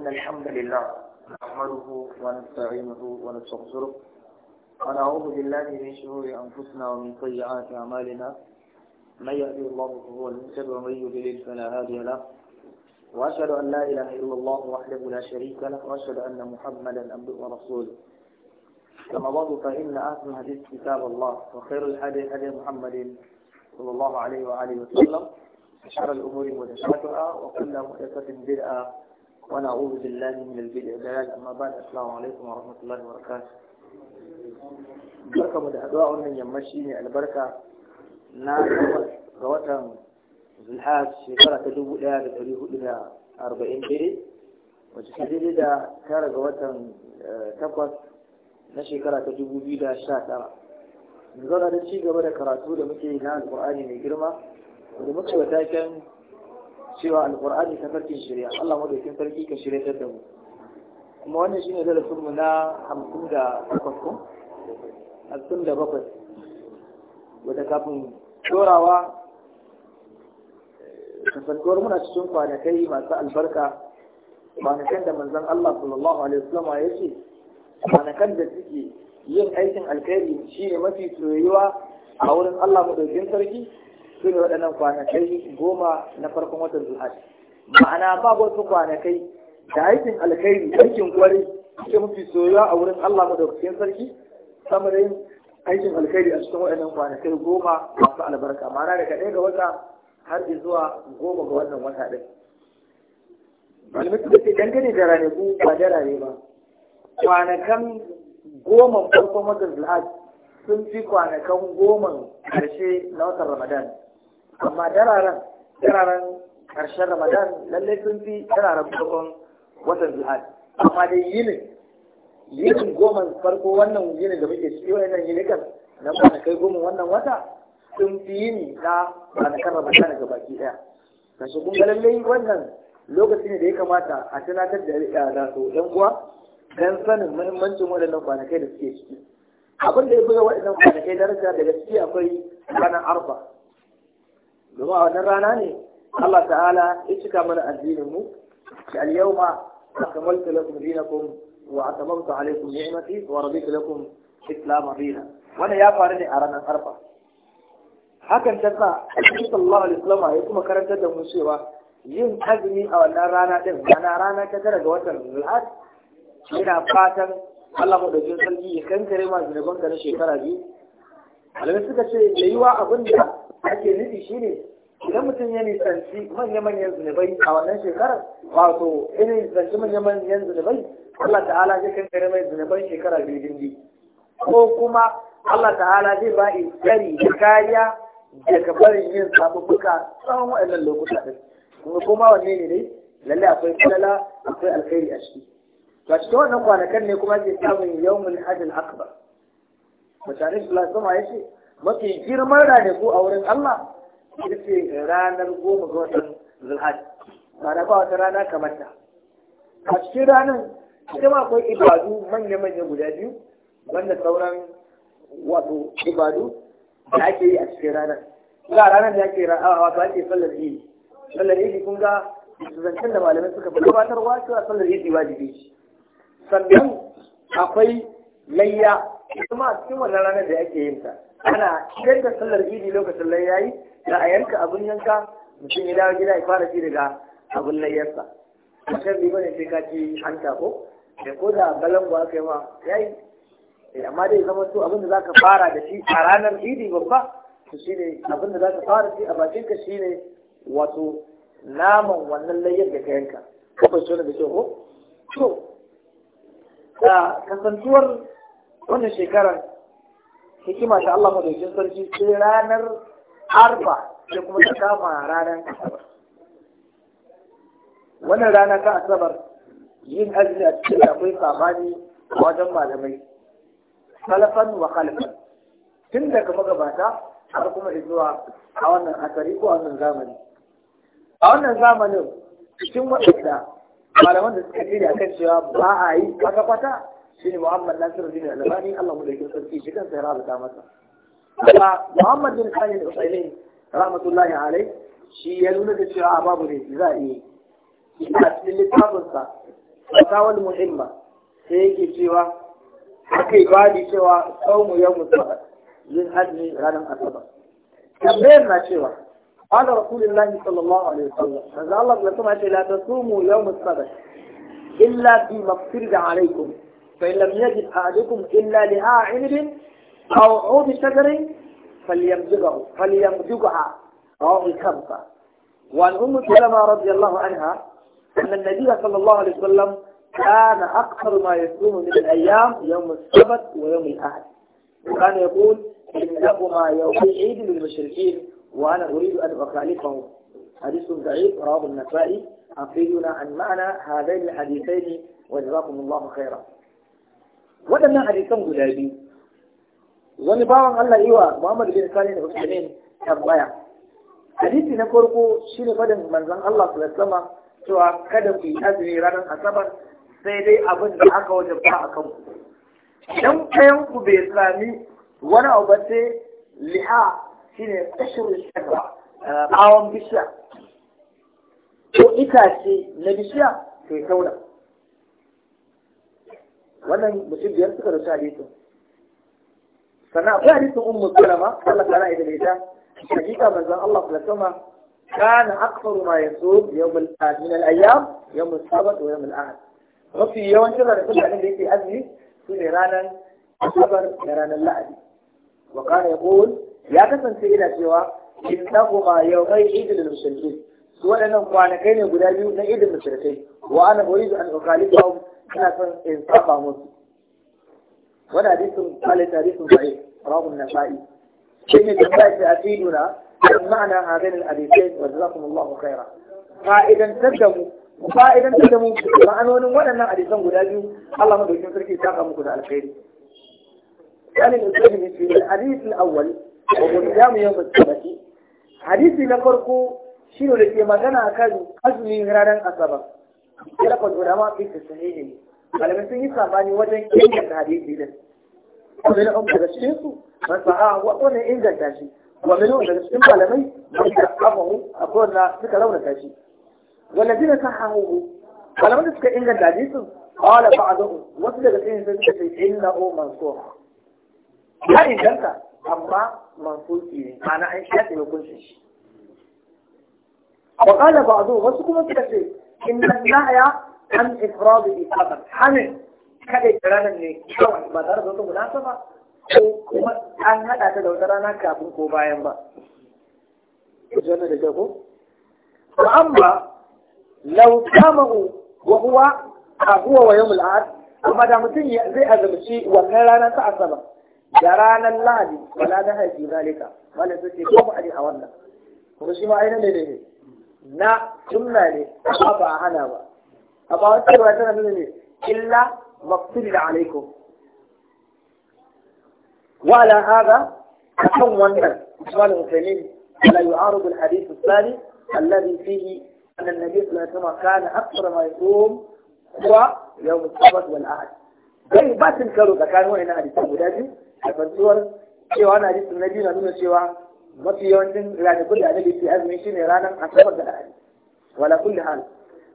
إن الحمد لله نحمده ونستعينه ونستغفره ونعوذ بالله من شرور أنفسنا ومن سيئات أعمالنا من يهدي الله فهو المهتد ومن يضلل فلا هادي له وأشهد أن لا إله إلا الله وحده لا شريك له وأشهد أن محمدا عبده ورسوله كما بعد فإن أحسن الحديث كتاب الله وخير الحديث حديث محمد صلى الله عليه وآله وسلم أشهر الأمور مدشاتها وكل مدشات بدأة ونعوذ بالله من البدع والضلال أما بعد السلام عليكم ورحمة الله وبركاته barkamu da addu'a wannan yammaci ne albarka na ga watan zulhaj shekara ta dubu ɗaya da dari hudu da arba'in daidai wacce ta daidai da tara ga watan takwas na shekara ta dubu biyu da sha tara zauna da ci gaba da karatu da muke na alƙur'ani mai girma da muka yi cewa alqur'ani ta Sarkin shari'a Allah madaukin sarki ka shirya da mu kuma wannan shine darasin mu na 58 hamsin da bakwai wadda kafin dorawa kasantuwar muna cikin kwanakai masu albarka kwanakan da manzon Allah sallallahu alaihi wasallam ya ce kwanakan da suke yin aikin alkhairi shine mafi soyuwa a wurin Allah madaukin sarki su ne waɗannan kwanakai goma na farkon watan zuhaj ma'ana ba wasu kwanakai da aikin alkhairi aikin kwari suke mafi soyuwa a wurin Allah madaukakin sarki sama da yin aikin alkhairi a cikin waɗannan kwanakai goma masu albarka ma'ana daga ɗaya ga wata har zuwa goma ga wannan wata ɗin malamai ce dangane da ranaku ba da rane ba kwanakan goma farkon watan zulhaji sun fi kwanakan goma ƙarshe na watan ramadan amma dararen karshen ramadan lallai sun fi dararen farkon watan zuhad amma dai yinin yinin goma farko wannan yinin da muke ciki wani wannan yinikan na kai goma wannan wata sun fi yini na kan ramadan ga baki ɗaya shi kun ga lallai wannan lokaci ne da ya kamata a tunatar da yara eh, su dan uwa dan sanin muhimmancin waɗannan kwanakai da suke ciki abin da ya buga waɗannan kwanakai daraja daga ciki akwai ranar arba domin a wannan rana ne Allah ta'ala ya cika mana addinin mu ma. al kamar talakun lakum kun wa atamamtu alaykum ni'mati wa rabi talakun islam dina wannan ya faru ne a ranar arfa hakan ta sa sallallahu alaihi wasallam ya kuma karantar da mu cewa yin azumi a wannan rana din rana rana ta tara ga watan Zulhad yana fatan Allah madaukakin sarki ya kankare ma ka na shekara biyu malamai suka ce da yiwa abin da ake nufi shi ne idan mutum ya nisanci manya-manyan zunubai a wannan shekarar wato ya nisanci manya-manyan zunubai Allah ta'ala zai kankare mai zunuban shekara biyu dindi ko kuma Allah ta'ala zai ba ikari da kariya daga barin yin sabubbuka tsawon waɗannan lokuta ɗin kuma kuma wanne ne ne lalle akwai falala akwai alkhairi a ciki to cikin wannan kwanakan ne kuma ke samun yawmin hajjin akbar mutane su lasama ya ce mafi girman ko a wurin Allah ita ce ranar goma ga watan zulhaj ma'ana ba wata rana kamar ta a cikin ranar ita ma akwai ibadu manya-manya guda biyu wanda sauran wato ibadu da ake yi a cikin ranar ga ranar da ake ra'a ba ake sallar yi sallar yi kun ga zancen da malamai suka fi gabatarwa a sallar yi wajibi sannan akwai layya kuma a cikin wannan ranar da ake yin ta ana idan da sallar idi lokacin lai yayi da a yanka abin yanka mutum ya dawo gida ya fara ci daga abin layyarsa mutum bi bane sai ka ci hanta ko da ko da balan aka yi ma yayi eh, amma dai zama to abin da zaka fara da shi a ranar idi babba to shine abin da zaka fara shi a bakin ka shine wato naman wannan layyar da ka yanka ko ba shi da ko to kasantuwar wannan shekarar hikima ta Allah madaukin sarki sai ranar arfa sai kuma ta kama ranar asabar wannan rana ta asabar yin azumi a cikin akwai samani wajen malamai salafan wa khalfan tun daga magabata har kuma zuwa a wannan asari ko a wannan zamani a wannan zamanin cikin waɗanda malaman da suka a kan cewa ba a yi kwata-kwata shine Muhammad Nasiruddin Al-Albani Allah mu da sarki shi kansa ya rabata masa amma Muhammad bin Khalid Al-Usaini rahmatullahi alai shi ya nuna da cewa babu ne za a yi a cikin littafin sa fatawal muhimma sai yake cewa akai bani cewa saumu yawmu sabat yin hajji ranar asabar tambayar na cewa قال رسول الله صلى الله عليه وسلم فقال الله لكم لا تصوموا يوم السبت illa بما افترض alaikum. فإن لم يجد أحدكم إلا لها عمر أو عود شجر فليمزقه فليمزقها رواه الخمسة وعن أم سلمة رضي الله عنها أن النبي صلى الله عليه وسلم كان أكثر ما يصوم من الأيام يوم السبت ويوم الأحد وكان يقول إنهما يوم عيد للمشركين وأنا أريد أن أخالفهم حديث ضعيف رواه النسائي أفيدنا عن معنى هذين الحديثين وجزاكم الله خيرا waɗannan hadisan guda biyu wani bawan Allah yi wa Muhammad bin Salih da Usman tambaya hadisi na farko shine faɗin manzon Allah sallallahu alaihi wasallam cewa kada ku yi azumi ranar asabar sai dai abin da aka ba a kanku idan kayan ku bai sami wani abu ba sai liha shine kashirin shakra bawon eh, bishiya ko itace na bishiya ke ya wannan mutum biyar suka rasu hadisin sannan akwai hadisin ummu salama Allah ta ra'ayi da ita hakika manzon Allah sallallahu alaihi wasallam kana akthar ma yasub yawm al-ahad min al-ayyam yawm as-sabt wa yawm al-ahad mafi yawancin ranakun da annabi yake azumi su ne ranar asabar da ranar la'adi wa kana yaqul ya kasance ina cewa innahuma yawmai idil mushrikin su waɗannan kwanakai ne guda biyu na idil mushrikai wa ana uridu an ukhalifa ina son in saba musu wanda hadisin malik hadisin sai rawun nasai shin ne kuma ya tafi duna ma'ana a hadin alhadisin wa jazakumullahu khaira fa'idan tadamu fa'idan tadamu ma'anonin wadannan hadisan guda biyu Allah madaukin sarki ya saka muku da alkhairi yani in sai ne shi hadisi awwal wa mu yawm al-qiyamah hadisi na farko shi ne da ke magana kan azumin ranar asabar da ulama fi su sahihi sun yi sabani wajen inganta hadisi din wani na daga cikin su masu a wani inganta shi wani na daga cikin malamai wanda abahu a kowanne suka da shi wanda zina sa hahu malamai da suka inganta hadisin قال بعضهم وصل لسين سنتي إنه منصوح لا إنجلتا أما منصوح إيه shi, إن شاء يكون شيء وقال بعضهم وصل لسين إن النهي عن إفراد الإفاضة حمل kada ranar ne kyau ba tare da wata munasaba ko kuma an haɗa ta da wata rana kafin ko bayan ba. Janna da jago? Wa lau kamahu wa huwa a huwa wa amma da mutum zai azumci wannan ranar ta asaba da ranar lahadi wala na haifi zalika wala sai ce ko ba a wannan. Kuma shi ma ainihin ne ne. na jumla ne amma ba a hana ba amma wata ruwa tana nuna ne illa maktulil alaikum وعلى هذا أكون ونن عثمان المسلمين لا يعارض الحديث الثاني الذي فيه أن النبي صلى الله عليه وسلم كان أكثر ما يصوم هو يوم السبت والأحد bai ba sun karo tsakanin wa'ina hadisan guda biyu a fantuwar cewa na hadisin na biyu na nuna cewa mafi yawancin ranakun da annabi ke azumi ne ranar asabar da lahadi wala kulli hal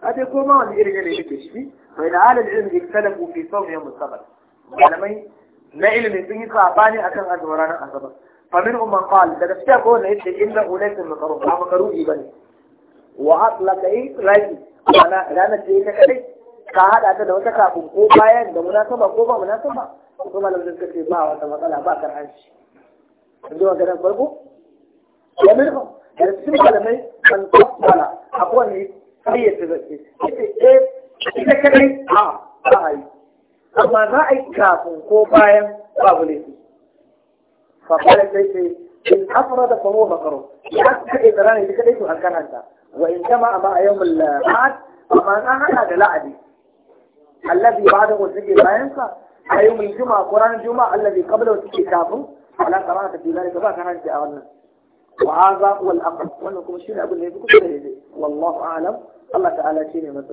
hade ko ma wani irin yanayi yake shi bai da halin ilmi ikhtalafu fi sawm yawm as-sabt malamai na ilimi sun yi sabani akan azumin ranar asabar fa min umman qal da gaskiya ko ne yace inna ulaysa makaruh ba makaruhi bane wa atlaka Raki, ana ranar da ita kadai ka hada ta da wata kafin ko bayan da munasaba ko ba munasaba Kuma malamin suka ce ba wata matsala ba karhanci in ji maganar farko domin da cikin malamai kan tabbala a kowane kayyata eh, a ba a amma za a yi kafin ko bayan babu laifi fafalar sai sai in afra da fahimu makaro ya kaɗai da ranar ita kadai to an karanta wa in jama a ma'a yau mulma'ad amma an haɗa da la'adi allazi ba da wasu ke bayansa a yau mai juma'a ko ranar juma'a allazi kabla wasu ke kafin ala karanta fi zalika ba karanta a wannan wa'aza wal aqal wannan kuma shine abin da yafi kusa da daidai wallahu alam Allah ta'ala shi ne mai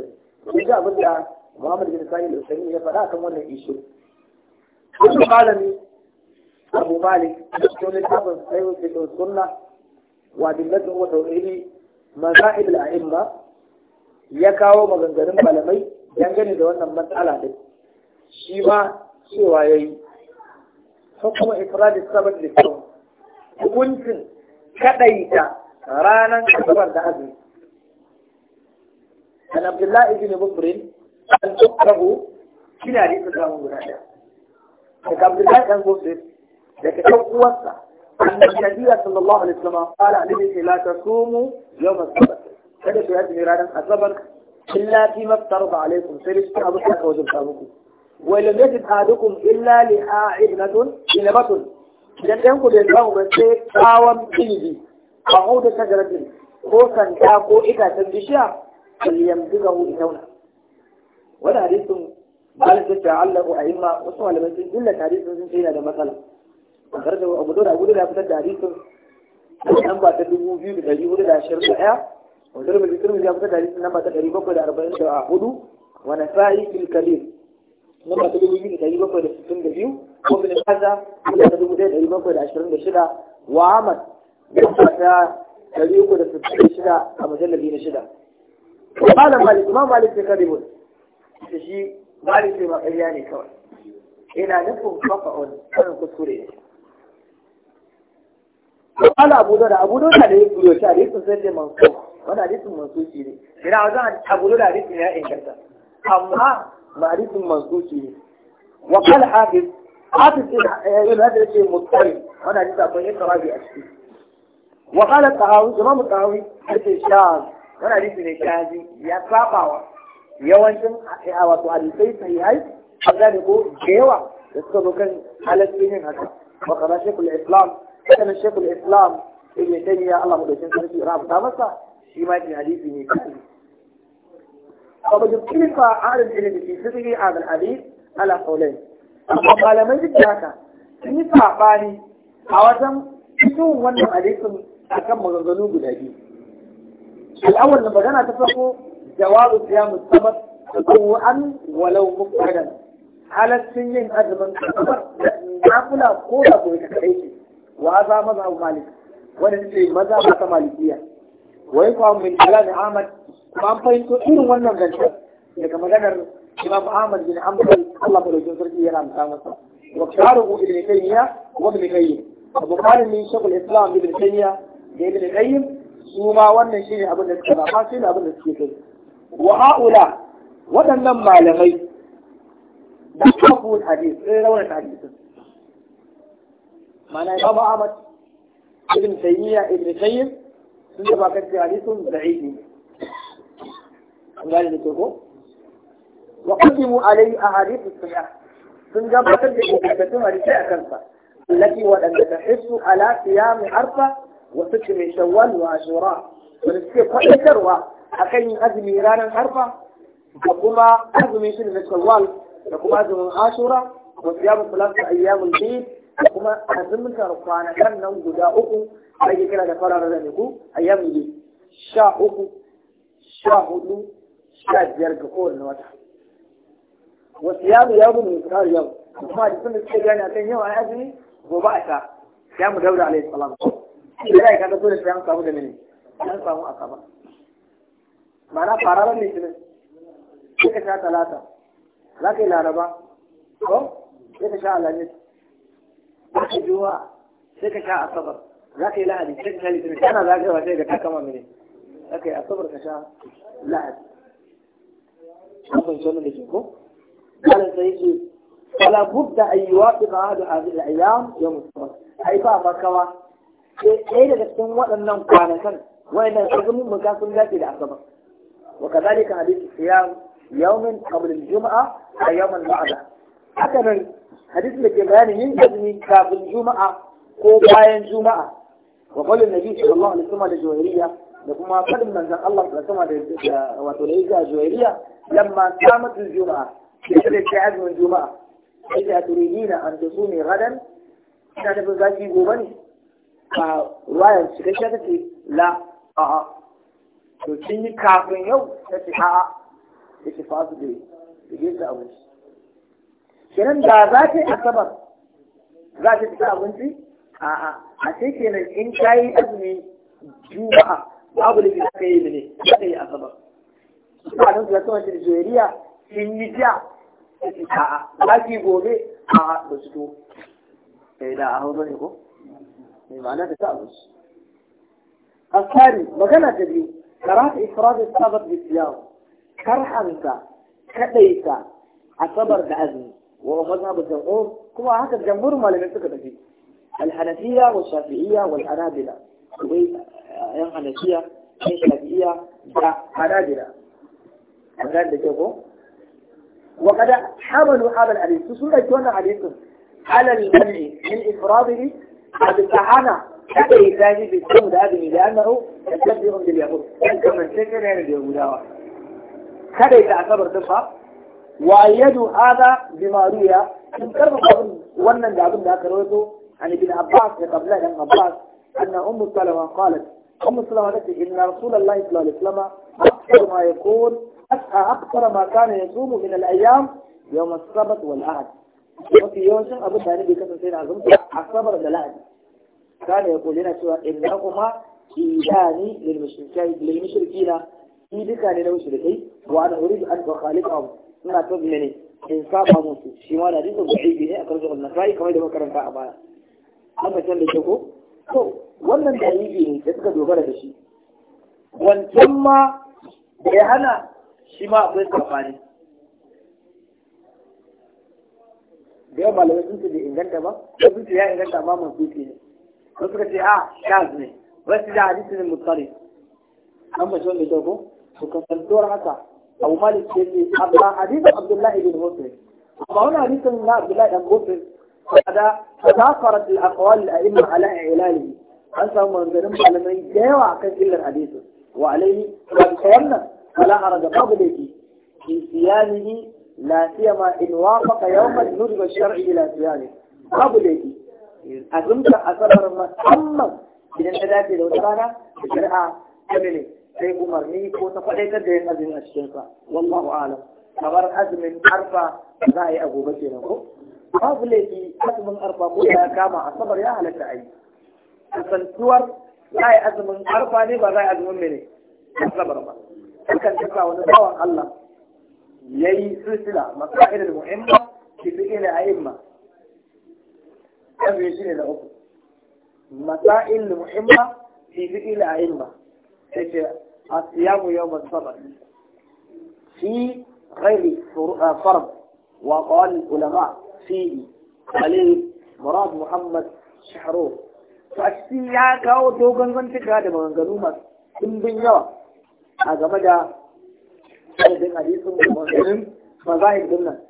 sani ga abin da Muhammad bin Sa'id al ya faɗa kan wannan isho shi kala ne Abu Malik ne ta ban sai wa fitu sunna wa dillatu wa tawhili mazahib al-a'imma ya kawo maganganun malamai dangane da wannan matsala din shi ma cewa yayi hukuma ikrar sabab da hukuncin كديتا رانا أكبر ده أن عبد الله بن بكر أن تقرأه كنا ليس كامل غناء لك عبد الله كان بكر لك توقوة أن النبي صلى الله عليه وسلم قال عليه لا تصوموا يوم السبت كده في هذه رانا السبت إلا فيما افترض عليكم سيرش أبو حكا وجبت أبوكم ولم يجد أحدكم إلا لها عبنة إنبة idan ɗan ku bai samu ba sai tsawon ilimi a hudu ta garbin ko santa ko itacen bishiya kalliyan buga hu itauna wani hadisin malin da Allah ko ayyuma wasu malamai sun illa hadisin sun ce yana da matsala kamar da abu da gudu da fitar da hadisin nan ba ta dubu biyu da ɗari hudu da ashirin da ɗaya wanda da turmi ya fitar da hadisin nan ba ta ɗari bakwai da arba'in da hudu wani sa'i fil lamba ta dubu biyu da ɗari bakwai da sittin da biyu ko bin kaza lamba ta dubu ɗaya da ɗari bakwai da ashirin da shida wa ahmad lamba ta ɗari uku da sittin da shida a mujallabi na shida malam malik imam malik sai kare mun da shi malik sai ma ne kawai ina nufin fafa'un karin kuskure ne Ya abu قال أبو داود أبو داود حديث يوشى حديث سيد منصور وانا حديث منصور شيري هنا عاوزان أبو داود da نهائي كذا amma. ma'arifin mansuki ne wa kal hafiz hafiz ibn hadar yake mutsarin wanda hadisi akwai yin tarabi a ciki wa kala tahawi imam tahawi yake shaz wanda hadisi ne shazi ya sabawa yawancin wato hadisai a a gane ko da yawa da suka zo kan halaccin yin haka wa kana islam kana shekul islam ibn taymiya Allah mu dauke sarki rahmata masa shi ma hadisi ne kai فبدو كلمة أهل a في فقه هذا الحديث على قولين amma malamai duk da haka sun yi saɓani a wajen fitowar wannan hadisin a kan guda biyu al'awar magana ta farko jawabu siya musamman da an walau mufradan halaccin yin azumin kasabar na kula ko da koyi ka kai shi wa za maza malik wani ce maza mata malikiya wai kuwa min kalam Ahmad kuma an fahimto irin wannan zancen daga maganar Imam Ahmad bin Hanbal Allah madaukakin sarki yana amsa masa wa qaru ibn Taymiyyah wa ibn Qayyim Abu Qarim min Shaykhul Islam ibn Taymiyyah da ibn Qayyim su ma wannan shine abin da suka ba shine abin da suke kai wa haula waɗannan malamai da kafin hadis sai raunar hadisin ma'ana Imam Ahmad ibn Taymiyyah ibn Qayyim sun da kan ce sun da'ifi an gane da ke ko wa qaddimu alayhi ahadith as-sahih sun gabatar da ingantattun hadisai a kansa allati wadanda tahissu ala qiyam arfa wa sitri shawwal wa ashura wanda suke faɗakarwa akan yin azumi ranar arfa da kuma azumin shi da shawwal da kuma azumin ashura wa siyamu salatu ayyamul bid kuma a zumtar kwanakan nan guda uku ake kira da da ranaku a yamma sha uku sha hudu sha biyar ga kowane wata wasu yamu ya gudu mai tsari yau kuma da sun da suke gani a kan yau a azumi gobe a ta ya mu daura alayhi salam da ya kaga dole sai an samu da mene an samu a kaba ne tunan sai ka sha talata za ka yi laraba ko sai ka sha alamis aka juwa sai ka sha asabar za ka yi lahadi sai ka sha litinin kana za ka yi wasai ga ta kama mene za ka yi asabar ka sha lahadi an fahimci wannan da ke ko kalan sai yake fala budda ayyuwa yi waɗi ba hadu a zai ayyam ya musamman ai ba makawa ɗaya daga cikin waɗannan kwanakan waɗannan azumin muka sun dace da asabar وكذلك حديث الصيام يوم قبل الجمعة ويوم بعدها. هكذا hadisin da ke bayanin yin azumi kafin juma'a ko bayan juma'a wa qawlin nabi sallallahu alaihi wasallam da juwairiya da kuma fadin manzon Allah sallallahu alaihi wasallam da wato da yake juwairiya lamma qamat al-juma'a sai ta azumin juma'a sai ta turidina an tasumi gadan ina da zaki gobe ne a ruwayan cikakken ta la a'a to yi kafin yau ta ce ce su da yi abinci kenan da za ta yi asabar za ta ci abinci a'a a sai kenan in ka yi azumi juma'a babu da za ka yi ne za ta yi asabar mutanen su da kuma Nigeria sun yi ja a'a za ki gobe a'a ba su to sai eh, da a hau bane ko mai ma'ana ta ta abinci الثاني مجانا تبيو كراهة إفراد السبب بالسياق كرحنك asabar da بأذن ومذهب مذهب الجمهور كما هكا الجمهور ما لم يتكتب فيه الحنفية والشافعية والحنابلة الحنفية والشافعية والحنابلة وكان ده وقد حملوا هذا الحديث سورة كون عليكم على المنع من إفراده قد بالتعانى ثاني في بالسود هذه لأنه يتبعهم باليهود كما سكن يعني اليهود هذا يتعتبر تفهم وأيدوا هذا بما روي ينكر ونن لابن ذاك رويته عن ابن عباس قبل ابن عباس أن أم سلمة قالت أم سلمة قالت إن رسول الله صلى الله عليه وسلم أكثر ما يكون أكثر ما كان يصوم من الأيام يوم السبت والأحد وفي يوم أبو ثاني بكثرة سيدنا عزم كان يقول لنا سوى إنهما إيدان للمشركين للمشركين إيدك للمشركين وأنا أريد أن أخالفهم suna ta mene in saba musu shi ma da hadisin da'ifi ne a karshe wannan sai kamar da makaranta a baya an fahimtar da ke ko to wannan da da'ifi ne da suka dogara da shi wancan ma da ya hana shi ma akwai safani da yawan malamai sun ce bai inganta ba ko sun ce ya inganta amma mansuki ne ko suka ce a ah, shaz ne wasu da ah, hadisi ne mutare an bashi wanda kyau ko to kasantuwar haka abu malik ya ce amma hadisin abdullahi bin muslim amma wani hadisin na abdullahi bin muslim kada tazafarat al-aqwal al-a'imma ala ilalihi an samu maganganun malamai da yawa akan illar hadisin wa alaihi ta wannan fala haraja babu laifi fi siyamihi la siyama in wafaqa yawman nuriba shar'i ila siyami babu laifi azumta asabar musamman idan ta dace da wata rana da shari'a ta ne sai umarni ko ta faɗaitar da yin azumi a cikinsa wallahu alam kamar azumin arfa za a yi a gobe kenan ko babu laifi azumin arfa ko ya kama asabar ya halatta a yi kasantuwar za a yi azumin arfa ne ba za a yi azumin mene asabar ba ta kasa wani bawan Allah ya yi silsila masa'ir da muhimma ki fi ila a'imma azumi shi ne da uku masa'il muhimma fi fi ila a'imma sai ce الصيام يوم الفرد في غير آه، فرض وقال العلماء فيه قليل مراد محمد شحرور فأشتيا كاو توغن من فكرة دي مغنغنو مات كم بنيا أجمع جا أجمع جيسو مغنغنو مزاهد دمنا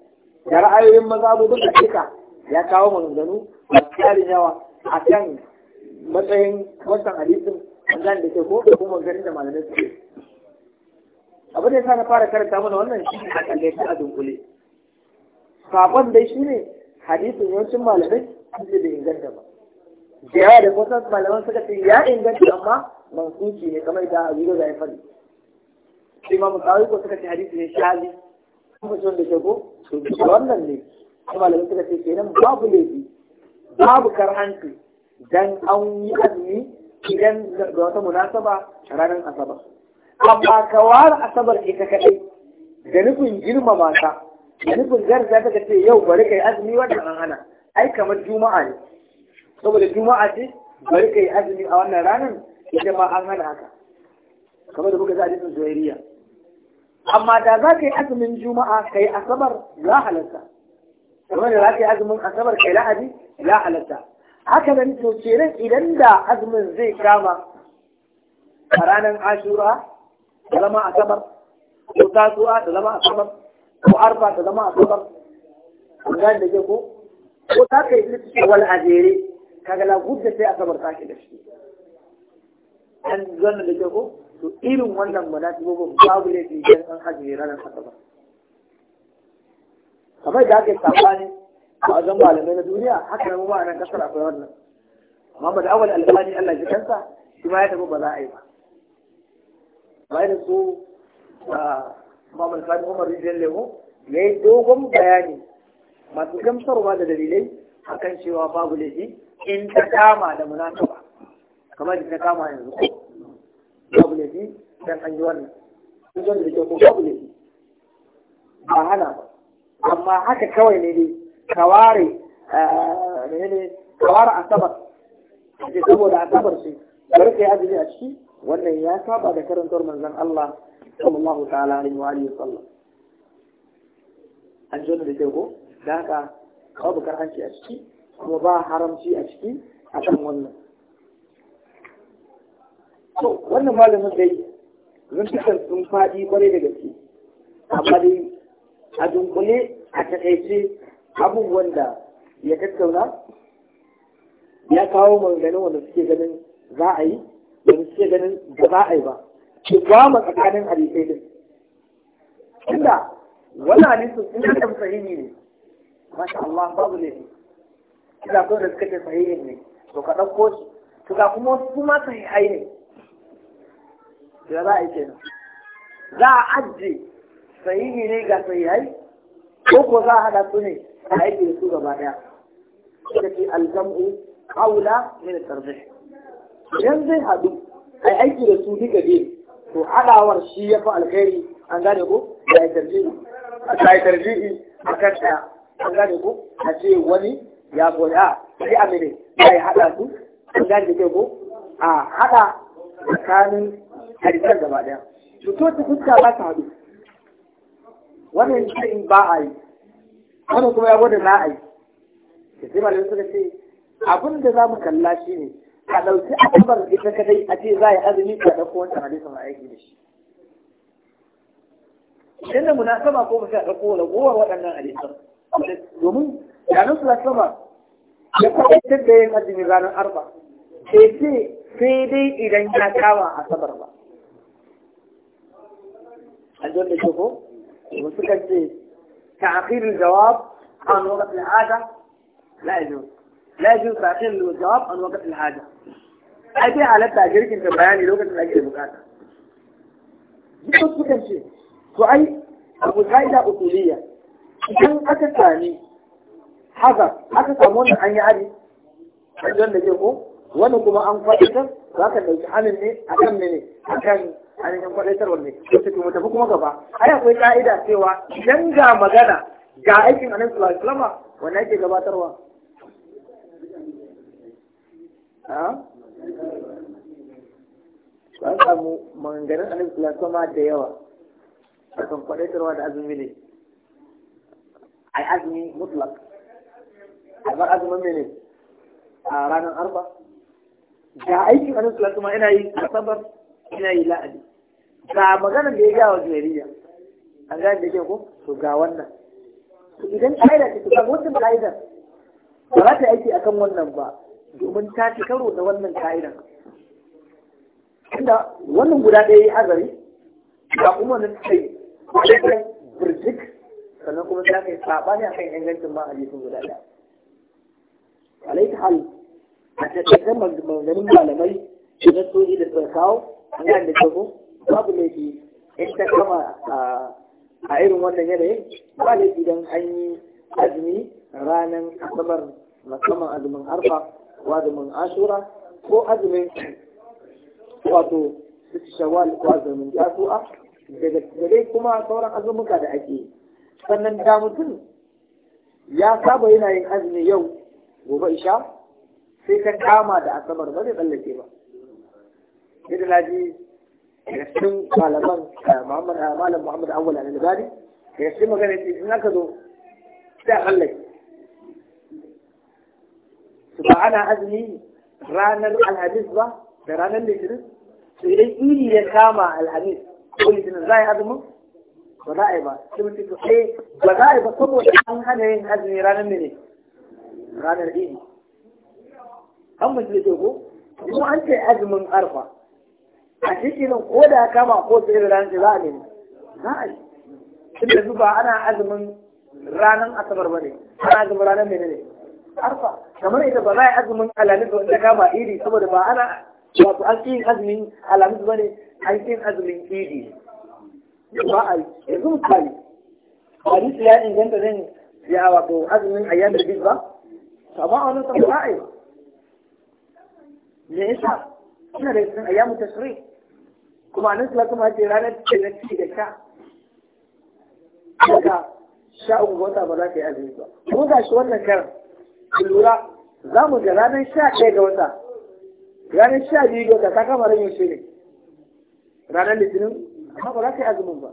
جارا أيو يم مزابو دمنا كيكا يا كاو مغنغنو أشتيا دي نيا أشيان مطعين مطعين حديثم zan da ke ko da kuma ganin da malamai suke abu da yasa na fara karanta mana wannan shi ne a kalle ta a dunkule sakon dai shi ne hadisin yawancin malamai sun ce bai inganta ba da yawa da kusan malaman suka ce ya inganta amma mansuci ne kamar da abu da ya faɗi sai ma musawai ko suka ce hadisi ne shali kuma sun da ke ko to wannan ne kuma malamai suka ce kenan babu laifi babu karhanci dan an yi azumi idan ga wata munasaba ranar asabar amma ka ware asabar ita kaɗai da nufin girmama ta da nufin garza ta ce yau bari kai azumi wannan an hana ai kamar juma'a ne saboda juma'a ce bari kai azumi a wannan ranar ita ma an hana haka kamar da muka za a jisun zuwairiya amma da za ka yi azumin juma'a ka yi asabar za halatta kamar da za ka yi azumin asabar ka yi lahadi la halatta haka nan to kenan idan da azumin zai kama a ranar ashura da zama a kamar ko tasuwa da zama a kamar ko arfa da zama a kamar an gane da ke ko ko ta kai ita cikin a jere, kaga la gudda sai a kamar sake da shi an gane da ke ko to irin wannan munasibobin babu laifi idan an ajiye ranar asabar kamar da ake sabanin a zan malamai na duniya haka nan ma nan kasar akwai wannan Amma da Awal Albani Allah ji kansa shi ma ya tafi ba za a yi ba bayan su ah, Mamman Sani Umar Rijiyar Lemo ya yi dogon bayani masu gamsarwa da dalilai akan cewa babu laifi in ta kama da munasaba kamar da ta kama yanzu babu laifi dan an yi wannan sun da ke ko babu laifi ba hana ba amma haka kawai ne dai Kawari ne ka ware asabar ce saboda asabar shi bari azumi a ciki wannan ya saba da karantar manzon Allah sallallahu ta'ala alaihi wa alihi sallam an jona da ko da haka babu karhanci a ciki kuma ba haramci a ciki a kan wannan to wannan malamin dai zantukan sun faɗi kwarai da gaske amma dai a dunkule a takaice abubuwan da ya tattauna ya kawo maganin wanda suke ganin za a yi da suke ganin da za a yi ba ki gwama tsakanin hadisai din inda wannan hadisin in ka tafi sahihi ne masha Allah babu ne kina so da suka ce sahihi ne to ka ɗauko shi to ga kuma su kuma sahihai ne da za a yi kenan za a ajiye sahihi ne ga sahihai ko ko za a haɗa su ne a aiki su gaba ɗaya suka ce aljam'u aula min tarjih idan zai haɗu a aiki da su duka biyu to haɗawar shi ya fi alkhairi an gane ko da ya tarjihi a ya tarjihi a kan ɗaya an gane ko a ce wani ya goya a yi a ya yi haɗa su an gane da ko a haɗa tsakanin hadisan gaba ɗaya. Mutuwa ta fuska ba ta haɗu. Wannan shirin ba a yi. haka kuma ya gwada na ai da sai malamai suka ce abin da za mu kalla shi ne a ɗauki asabar ita kadai a ce za a yi azumi ka ɗauko wancan hadisin a aiki da shi idan da sama ko ba sai a ɗauko wani gowar waɗannan alisar domin yanar sama ya kwaɗaitar da yin azumi ranar arba sai ce sai dai idan ya kama asabar ba. Aljon da ke ko? Wasu kan ce تعقيب الجواب عن وقت الحاجة لا يجوز لا يجوز تعقيب الجواب عن وقت الحاجة أدي على التأجير أنت بياني لوقت الأجير المكاتب يقصد كم شيء سؤال أبو قاعدة أصولية إذن أكا ثاني حذر أكا ثامون أن يعرف أجل نجيبه ونقوم أنفعكم za ka ɗauki hannun ne a kan ne a kan ainihin kwaɗaitarwar ne ko ta kuma tafi kuma gaba ai akwai ka'ida cewa idan ga magana ga aikin annabi sallallahu alaihi wasallam wanda yake gabatarwa a an samu maganganun annabi sallallahu alaihi da yawa a akan kwaɗaitarwa da azumi ne ai azumi mutlak a bar azumin ne a ranar arba ga aiki a sallallahu kuma ina yi asabar ina yi la'adi ga magana da ya ga wa jariya an gane da ke ko to ga wannan to idan aida ce to ga wannan kaida ba za ta aiki akan wannan ba domin ta ci karo da wannan kaidan inda wannan guda ɗaya ya azari ga kuma na yi kai birjik sannan kuma za ka yi saɓani kan ingancin ma hadisin guda ɗaya a tattakan malamai na soji da suka an yi da kyau babu laifi in ta kama a irin wannan yanayin ba laifi don an yi azumi ranar asabar musamman azumin arfa ko azumin ashura ko azumin wato suci shawwal ko azumin tasu'a daga kuma sauran azumuka da ake sannan da mutum ya saba yana yin azumi yau gobe isha sai ta kama da asabar ba zai tsallake ba sai da laji da sun malaman eh, eh, malam muhammad awwal al libari da sun magana ce in aka zo sai a tsallake su ba ana azumi ranar alhamis ba da ranar litinin su idan iri ya kama alhamis ko litinin za a yi azumin ba za a yi ba sai mutum eh, ba za a yi ba saboda an hana yin azumi ranar ne ranar iri an mace da ko kuma an ce azumin arfa a cikin ko da kama ko sai da ranar za a nemi za a yi tunda su ba ana azumin ranar asabar ba ne ana azumin ranar mene ne arfa kamar ita ba za a yi azumin alamis ba kama iri saboda ba ana wato an yin azumin alamis ba ne an yin azumin iri ba a yi yanzu misali hadisi ya inganta zan ya wato azumin ayyana da ba amma a wani sabu ba a yi me yasa suna da cikin ayyamu tashri kuma nan sula kuma ce ranar ce na ci da sha daga sha uku wata ba za ta yi azumi ba kuma ga shi wannan karan ku lura za mu ga ranar sha ɗaya ga wata ranar sha biyu ga wata ta kama ranar ne. ranar litinin amma ba za ta yi azumin ba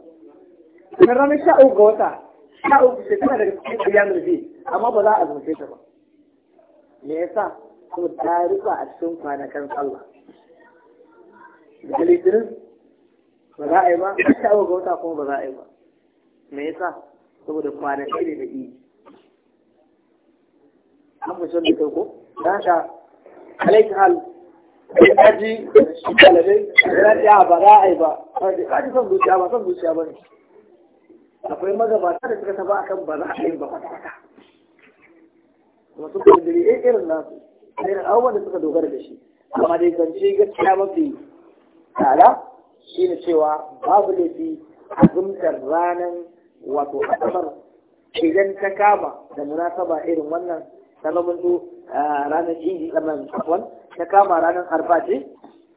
sannan ranar sha uku ga wata sha uku shekara daga cikin ayyamu da amma ba za a azumce ta ba me yasa ko ta a cikin kwanakan sallah da litinin ba za a yi ba a ta abubuwa wata kuma ba za a yi ba me yasa saboda kwanaki ne da yi. an mutum da kai ko da haka alaikin hal ya kaji shi kalabai ya ce ba za a yi ba ba ji son zuciya ba son zuciya ba ne akwai magabata da suka taba akan ba za a yi ba kwata-kwata Masu kudiri eh, irin nasu irin abubuwan da suka dogara da shi amma dai zance gaskiya mafi tsada shi ne cewa babu laifi a zumtar ranar wato asabar idan ta kama da munasaba irin wannan ta zamanto ranar idi tsaman kwan ta kama ranar arfa ce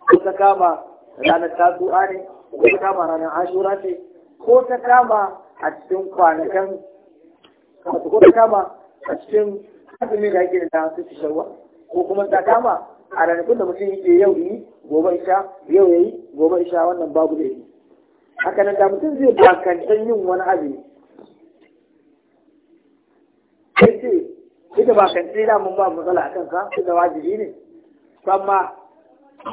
ko ta kama ranar tasu'a ne ko ta kama ranar ashura ce ko ta kama a cikin kwanakan wato ko ta kama a cikin azumin da ake da ta su shawwa ko kuma ta kama a ranakun da mutum yake yau yi gobe isha yau yayi gobe isha wannan babu da yi haka nan da mutum zai bakantar yin wani abu. sai ce ita bakantar yi mun ba matsala a kanka da wajibi ne amma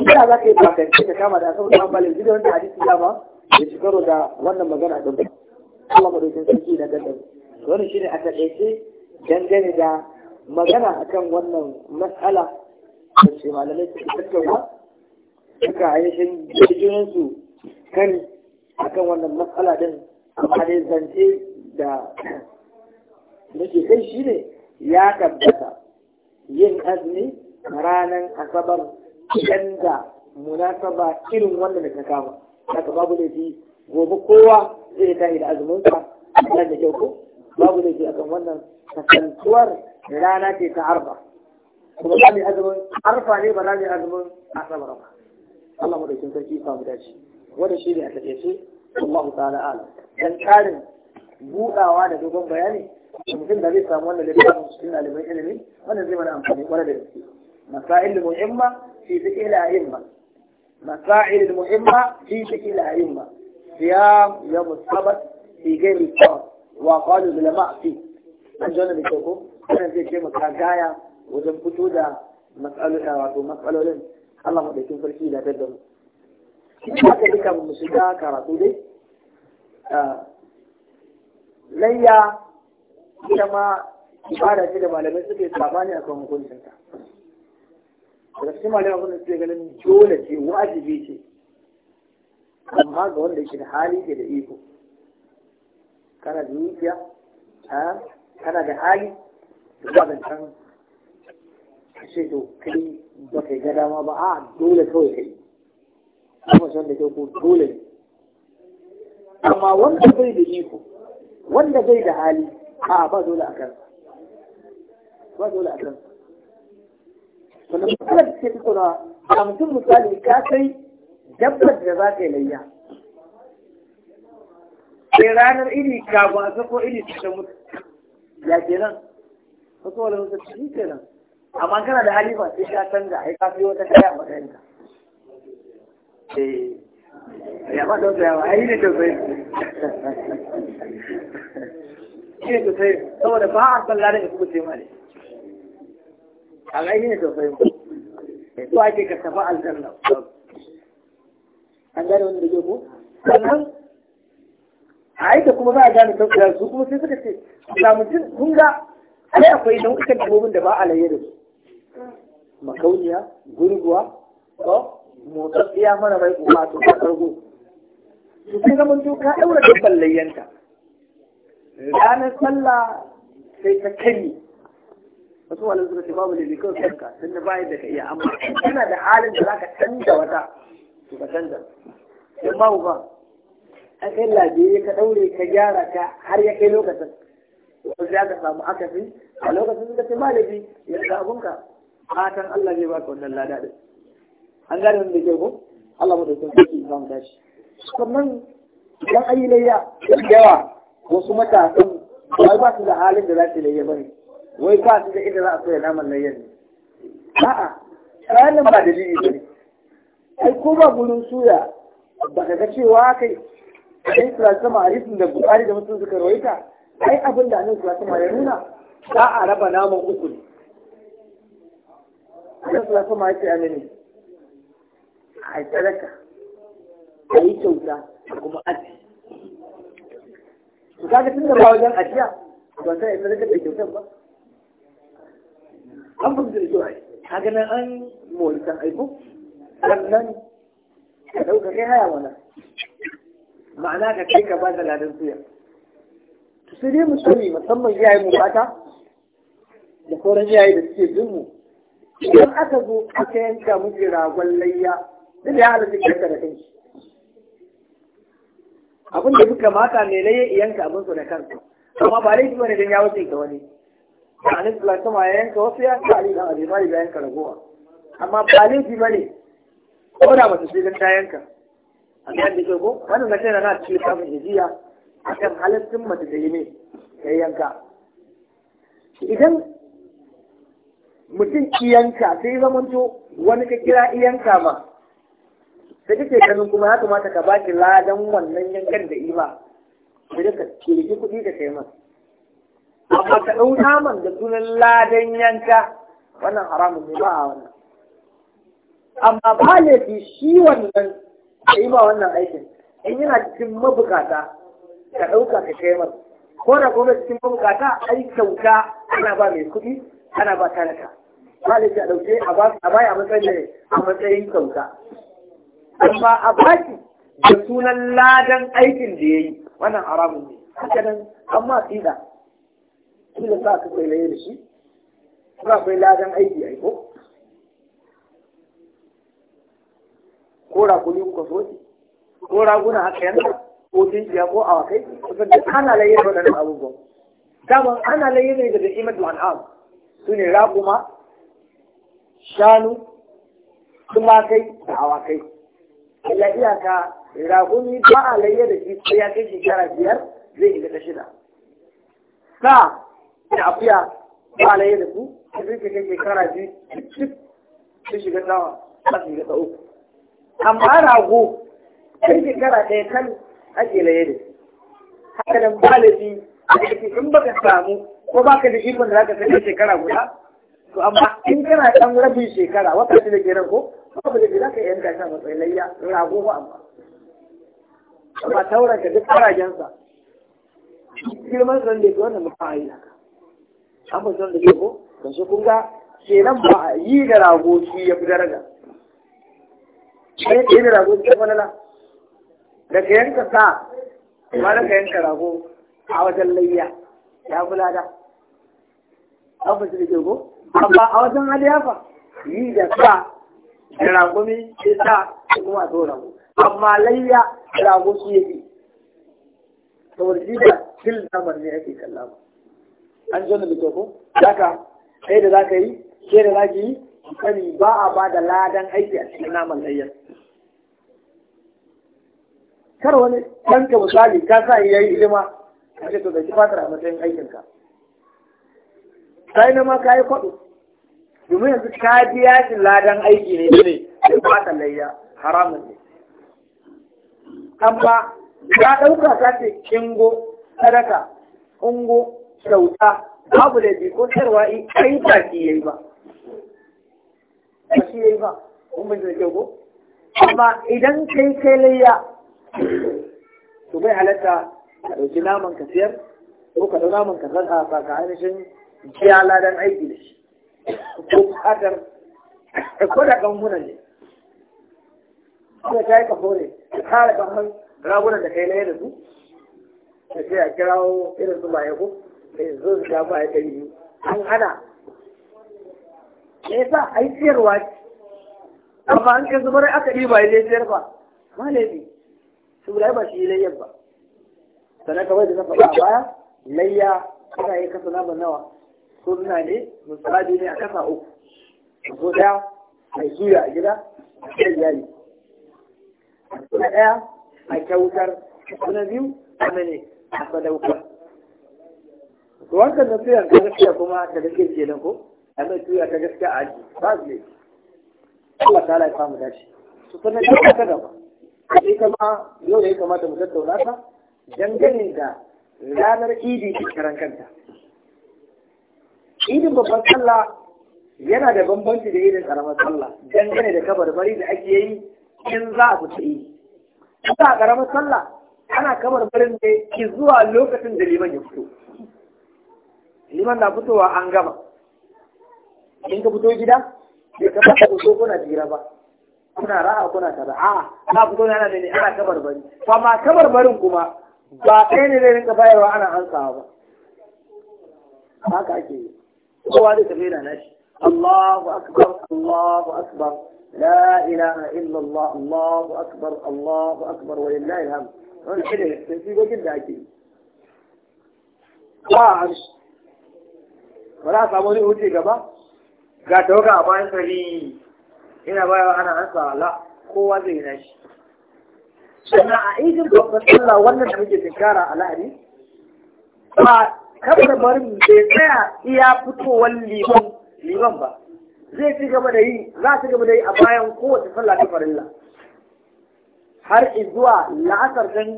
ina za ka yi bakantar ka kama da saboda an balin gidan wanda hadisi dama ya ci karo da wannan magana din Allah madaukin sarki da gaddan wannan shine a taƙaice dangane da magana akan wannan matsala da ce malamai suka tattauna suka ainihin jikinsu kan akan wannan matsala din amma dai zance da nake kai shi ne ya tabbata yin azumi ranar asabar idan da munasaba irin wannan da ta kama haka babu fi gobe kowa zai yi da azumin azuminsa da kyau ko babu da ke akan wannan kasantuwar rana ce ta arba. kuma za mu azumin arfa ne ba za mu azumin asabar ba Allah madaukin sarki fa mu dace wanda shi ne a takaice Allah ta'ala ala dan karin budawa da dogon bayani mutum da zai samu wannan littafin cikin alimin ilimi wannan zai mana amfani kwarai da gaske مسائل المهمة في ذكر الأئمة مسائل المهمة في ذكر الأئمة صيام يوم السبت في غير الصلاة wa qalu bil fi an jona da ko kana zai ce maka gaya wajen fito da matsalolin wato matsalolin Allah mu dauki sarki da dadda mu kuma ka duka mu shiga karatu dai ah, layya ita ma ibada ce da malamai suke sabani akan hukuncin ta daga cikin malamai wanda suke ganin dole ce wajibi ce amma ga wanda yake da hali ke da iko kana da nufiya a kana da hali da can kashe to kai ba kai ga dama ba a dole kawai kai kuma shan da ko dole ne amma wanda bai da iko wanda bai da hali a ba dole a kansa ba dole a kansa sannan kuma da ke tattauna a mutum misali ka kai dabbar da za ka yi layya sai ranar iri kafin a sako iri su ta mutu ya ke nan wasu wani mutu shi ke nan amma kana da halifa sai ka canza ai ka fi wata kaya a matsayinka eh, ya ba wata yawa. ai ne da zai shi ne sai saboda ba a san ladan ya kuce ma ne a ga ne tausayin ba eh, ake ka tafi aljanna an gane wani da ke ko sannan a aika kuma za a gane kuma su kuma sai suka ce samun kun ga ai akwai nau'ikan dabbobin da ba a laye da su makauniya gurguwa ko iya mara mai kuma to ka kargo su sai ga mun ka daura dabban layyanta ranar sallah sai ta kani wasu wani suka ce babu da kawai sanka tun da bayan da ka iya amma kana da halin da za ka canza wata to ka canza in babu ba an kai lafiya ka daure ka gyara ka har ya kai lokacin wasu ya ka samu akasi a lokacin da ce malabi ya ga abunka fatan Allah zai baka wannan lada din an gane wanda ke ko Allah mu da sun saki za mu tashi sannan idan ayi layya yawa wasu matasan wai ba su da halin da za su layya bane wai ba su da inda za a soya naman layyan ne a'a kayan nan ba dalili bane ai ko ba gurin suya ba ka ga cewa kai in sulasama hadisin da bukari da mutum suka rawaita ai abin da annabi sulasama ya nuna za a raba naman uku ne annabi sulasama ya ce amini a yi sadaka a yi kyauta a kuma aji to kaga tun da ba wajen ajiya ba sai ya sadaka da kyautar ba an fahimta da kyau ai kaga nan an mawalitan aiko sannan ka ɗauka kai haya wannan ma'ana ka kai ka ba da ladan suya to sai dai mu sani musamman iyaye mu fata da koran iyaye da suke jin mu idan aka zo aka yanka miki ragon layya duk da ya halatta ka da kanki abin da duka mata ne laye yanka abin su da kansu amma ba laifi bane dan ya wuce ka wani annabi sallallahu alaihi ya yanka wasu ya ta ali da abi mali da yanka ragowa amma ba laifi bane ko da mace sai dan ta yanka a kan da ko wannan na kai na na cikin kafin hijiya a kan halittun mace da yi ne ta yanka idan mutum iyanka sai zamanto wani ka kira iyanka ma da kake ganin kuma ya kamata ka baki ladan wannan yankan da ima da duka kirki kuɗi da kai masa amma ka ɗau naman da sunan ladan yanka wannan haramun ne ba a wannan amma ba laifi shi wannan ka yi ba wannan aikin in yana cikin mabukata ka ɗauka ka kai mar ko da kuma cikin mabukata ai kyauta ana ba mai kuɗi ana ba talaka malaki a ɗauke a baya matsayin a matsayin kyauta amma a baki da sunan ladan aikin da ya yi wannan haramun ne haka nan amma tsida da sa ka kwaye da shi ba akwai ladan aiki aiko ko raguni kuka so shi ko raguna haka yana ko tinkiya ko awakai kusan duk ana da waɗannan abubuwan daman ana layyar ne daga imatul an'am su ne raguma shanu tumakai da awakai illa iyaka raguni ba a layyar da shi sai ya kai shekara biyar zai yi ta shida sa da afiya ba a layyar da su zai kai shekara biyu duk duk sun shiga tsawa za su shiga ta uku amma rago ɗan shekara ɗaya kan ake laye da haka nan balabi a shi in ka samu ko ba ka da ikon da ka sanya shekara guda to amma in kana ɗan rabin shekara wata shi da ke nan ba babu da ke za ka yanka shan a matsayin layya rago ba amma amma tauran ka duk faragensa girman zan da ke wannan mutum a yi haka an fahimtar da ke ko kan shi kun ga kenan ba yi da rago shi ya fi daraja sai ce da rago ce falala da ka yanka sa ba da ka yanka rago a wajen layya ya fi lada an fi da ko amma a wajen aliyafa yi da sa da rago ne sai sa kuma a zo rago amma layya rago su yake saboda shi da fil namar ne ake kalla ba an zo da ko zaka sai da zaka yi ke da zaki yi sani ba a ba da ladan aiki a cikin naman layyar kar wani ɗanka misali ka sa yi yi hidima a ce to zaki fatar a matsayin aikinka sai na ma ka yi kwaɗo domin yanzu ka biya shi ladan aiki ne ne da fatar layya haramun ne amma ka ɗauka ka ce kingo sadaka ungo kyauta babu da ko sarwa kai ba ki yayi ba ba shi ba kun da kyau amma idan kai kai layya to bai halatta ka ɗauki naman ka siyar ko ka ɗau naman ka sarka ba ka ainihin jiya ladan aiki da shi ko buƙatar ko da gangunan ne ko ta yi kafo ne ka kare kamar ragunan da kai layya da su ka ce a kirawo irin su ba ya ko da zo su ta ba ya biyu. an hana me yasa ai siyarwa ce amma an ka zubarai aka ɗi ba ya je siyar ba malami su ba shi layyar ba sannan kawai da na faɗa a baya layya ana yi kasa naman nawa sunna ne musali ne a kasa uku ko ɗaya a suya a gida a kan iyali na ɗaya a kyautar suna biyu a mene a sadaukar to wankan na suyar ta gaskiya kuma ta ke kenan ko a mai tuya ta gaskiya a aji ba su ne Allah ta laifa mu dace su sannan ta ta gaba sai kama yau da ya kamata mu tattauna ta dangane da ranar idi ta karan kanta idin babban sallah yana da bambanci da idin karamar sallah dangane da kabar bari da ake yi in za a fita idi ta a karamar sallah ana kabarbarin ne ki zuwa lokacin da liman ya fito liman na fitowa an gama in ka fito gida bai ka fata ko kuna jira ba kuna ra'a kuna kaza a na fito ana ne ana kabar bari to amma kabar barin kuma ba kai ne ne rinka bayarwa ana ansawa ba haka ake yi kowa zai tafi na nashi Allahu akbar Allahu akbar لا إله إلا Allahu الله Allahu الله أكبر ولله الحمد wani shi ne fi gogin da ake ba a ba za a samu wani hutu gaba ga tawaga a bayan gari ina bayan ana ansa Allah kowa zai yi nashi sannan a idin babban sallah wannan da muke tinkara a la'ari ba bari barin bai tsaya iya fitowar liman liman ba zai ci gaba da yi za ci gaba da yi a bayan kowace sallah ta farilla har zuwa la'asar kan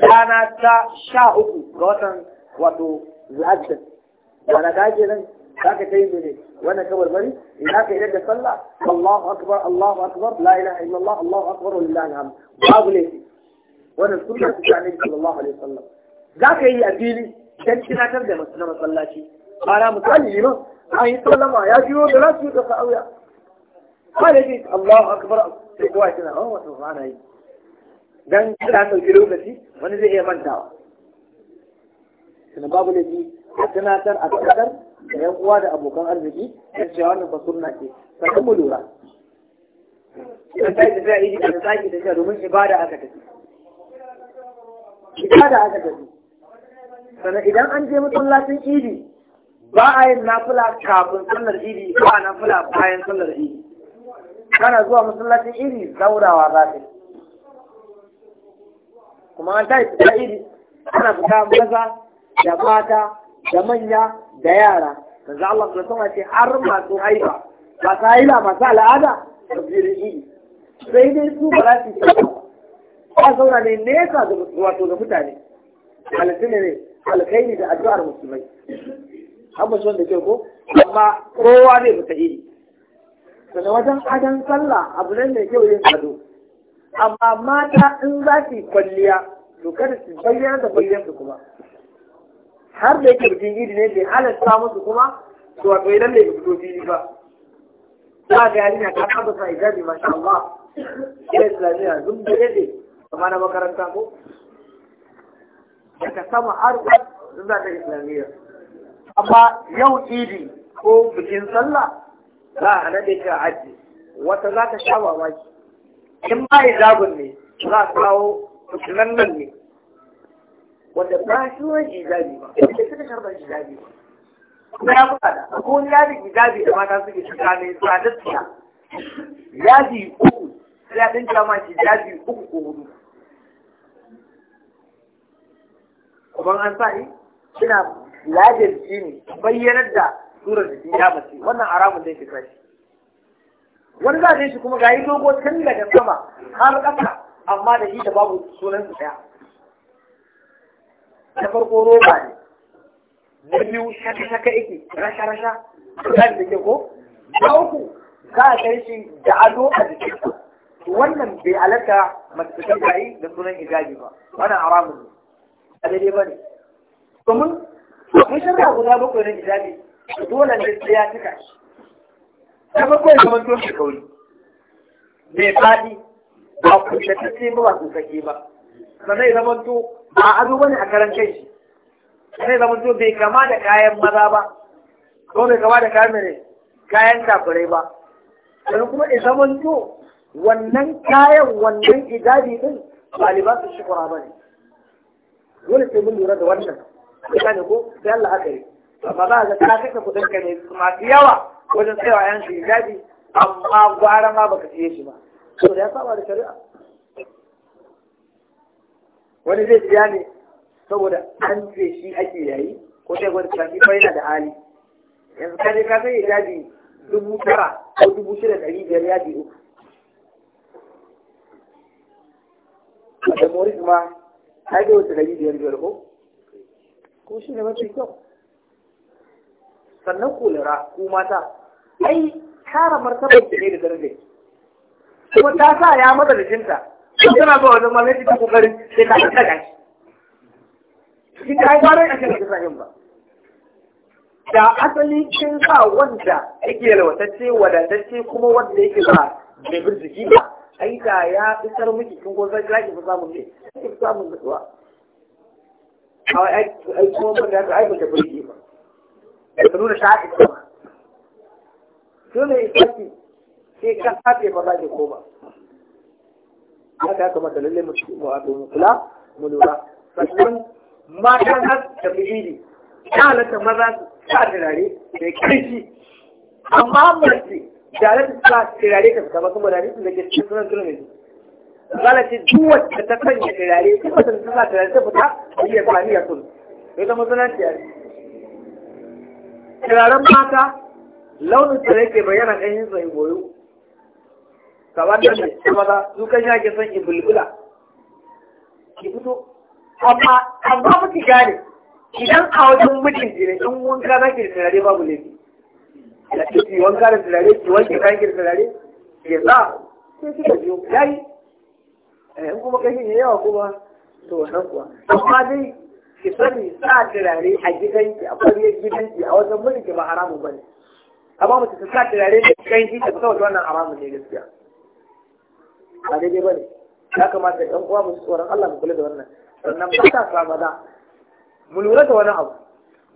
rana ta sha uku ga watan wato la'adda da na dage nan za ka ta yi mene wannan bari, in aka idan da sallah Allahu akbar Allahu akbar la ilaha illallah Allahu akbar wallahi alhamd babu ne wannan sunna ta annabi sallallahu alaihi wasallam zaka yi a fili dan tunatar da na masallaci bara misali liman an yi sallama ya jiyo da za da yi kasa auya kwana ji Allahu akbar sai kowa tana oh wato ana yi dan kana dauki lokaci wani zai iya mantawa sannan babu ne ji tunatar a tsakar da yan uwa da abokan arziki da cewa wannan ba sunna ce sannan mu lura idan ta yi tafiya idi da ta yi tafiya domin ibada aka tafi ibada aka tafi sannan idan an je masallacin idi ba a yin nafula kafin sallar idi ba a nafula bayan sallar idi kana zuwa masallacin idi zaurawa za ta kuma an ta yi tafiya idi ana fita maza da mata da manya da yara manzo Allah ta sama ce har masu haifa ba ta haila masu al'ada da birni sai dai su ba za su yi ba zauna ne nesa da wato da mutane halittu ne ne da addu'ar musulmai an ba da kyau ko amma kowa ne mutu iri daga wajen adon sallah abu nan mai kyau yin ado amma mata in za su yi kwalliya to kada su bayyana da kwalliyarsu kuma har da yake bikin idi ne bai halatta musu kuma to wato idan bai fito fili ba za ga yarinya ta kasa sa ijabi masha Allah ila islamiyya zun da yake kuma na makaranta ko daga sama har zun za ta islamiyya amma yau idi ko bikin sallah za a nade ka aji wata za ta sha mamaki in ba hijabin ne za a kawo nan ne wanda ba shi wani hijabi ba da ta karɓa hijabi ba kuma ya kuka da ko wani yadin hijabi da mata suke shiga mai tsadattiya yadi uku sai ya ɗinka ma hijabi uku ko hudu kuma an sa ni kina lajin jini bayyanar da surar jikin ya mace wannan haramun zai shiga shi wani za a shi kuma ga yi dogo tun daga sama har ƙasa amma da shi da babu sunan su ɗaya ta farko roba ne na biyu shaka-shaka ike rasha-rasha kan da ke ko na uku za a kai shi da ado a jikin wannan bai halatta masu ta kai da sunan hijabi ba wannan haramun ne a daidai ba ne domin mun shirka guda bakwai na hijabi dole ne sai ya cika shi ta bakwai zaman to shi kauri mai fadi ba ku da ta ce ba ba su sake ba sannan zaman to ba ado bane a karan kai shi sai zama to bai kama da kayan maza ba ko bai kama da kayan mere kayan kafirai ba sannan kuma isa mun zo wannan kayan wannan idadi din ba libasin shukura ne. dole sai mun lura da wannan ne ko sai Allah aka yi amma za ka ta kasa kudin ka ne masu yawa wajen tsayawa yan shi amma gwara ma baka siye shi ba ya saba da shari'a wani zai siya ne saboda an ce shi ake yayi ko sai wani tafi fa yana da hali yanzu kaje ka sai yaji dubu tara ko dubu shida ɗari biyar yaji uku a da moris ma ka ga wata ɗari biyar biyar ko ko shi ne mafi kyau sannan ku lura ku mata ai kara martabar ne da darajar kuma ta sa ya mata jikinta in kana zuwa wajen ta ka ta yi da asali sun sa wanda yake yalwatacce, wadatacce kuma wanda yake ba mai ba ai ya miki kin ko zai fi samun ne ki fi samun nutsuwa kuma ban da ai ba ta ka nuna ta kuma dole sai kan ba za koma haka ya kamata lalle mu wato mu kula mu lura sannan mata za su tafi iri ya halatta maza su sa turare mai kirki amma mace tare da sa turare ka fita ba kuma da nufin da ke cikin sunan turmi zala ce duk wacce ta sanya turare duk wacce ta sa turare ta fita a iya kwani ya sun sai zama sunan turare turaren mata launin turare ke bayyana ɗanyen tsayin goyo kamar da ne kuma ba su kan yake son in bulbula ki fito amma amma ki gane idan a wajen mijin jire in wanka zaki da tarare babu laifi da ki wanka da tarare, ki wanke kayan ki da turare ke sa sai kika biyo yayi eh, in kuma kashin ya yawa kuma to wannan kuwa amma dai ki sani sa tarare a gidanki a kwariyar gidanki a wajen mulki ba haramun bane amma mutum ta sa tarare da kanki ta fita wajen wannan haramun ne gaskiya ba daidai ba ne ya kamata ɗan uwa musu tsoron Allah mu kula da wannan sannan ba ta samu da mu lura da wani abu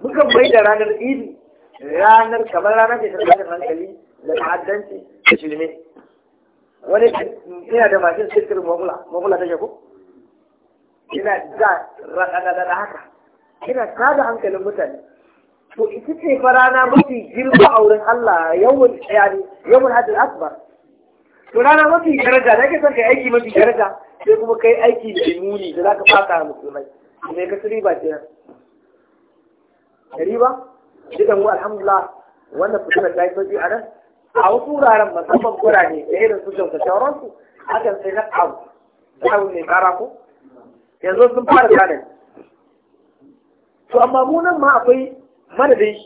mukan mai da ranar idi ranar kamar ranar ce ta hankali da ta'addanci da shirme wani yana da mashin sirkir mabula mabula ta shaku Ina da raɗaɗaɗa haka yana tada hankalin mutane to ita ce fa rana mafi girma a wurin Allah yawon yani yawon hajjal akbar to rana mafi daraja da kake sanka aiki mafi daraja sai kuma kai aiki mai muni da za ka fata musulmai me ka ci riba kenan riba dukan mu alhamdulillah wannan fitina ta yi sauki a nan a wasu wuraren musamman birane da irin su jauta su, hakan sai na abu da abu mai kara ko yanzu sun fara gane to amma mu nan ma akwai madadin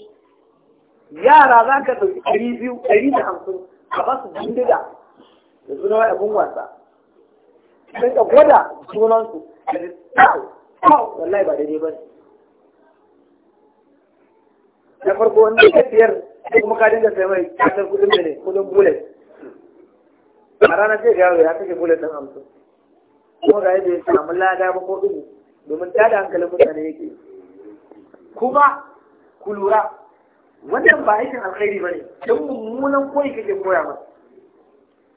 yara za ka ɗauki ɗari biyu ɗari da hamsin a ba su bindiga da suna wa abin wasa sun ka gwada sunansu wallahi ba daidai ba ne na farko wanda ya siyar sai kuma ka dinga sai mai kasar kudin mene kudin bullet a ranar sai gawo ya kashe bullet ɗin hamsin kuma ga yadda ya samu lada ba ko dubu domin tada hankalin mutane yake kuma ku lura wannan ba aikin alkhairi ba ne don mummunan koyi kake koya masa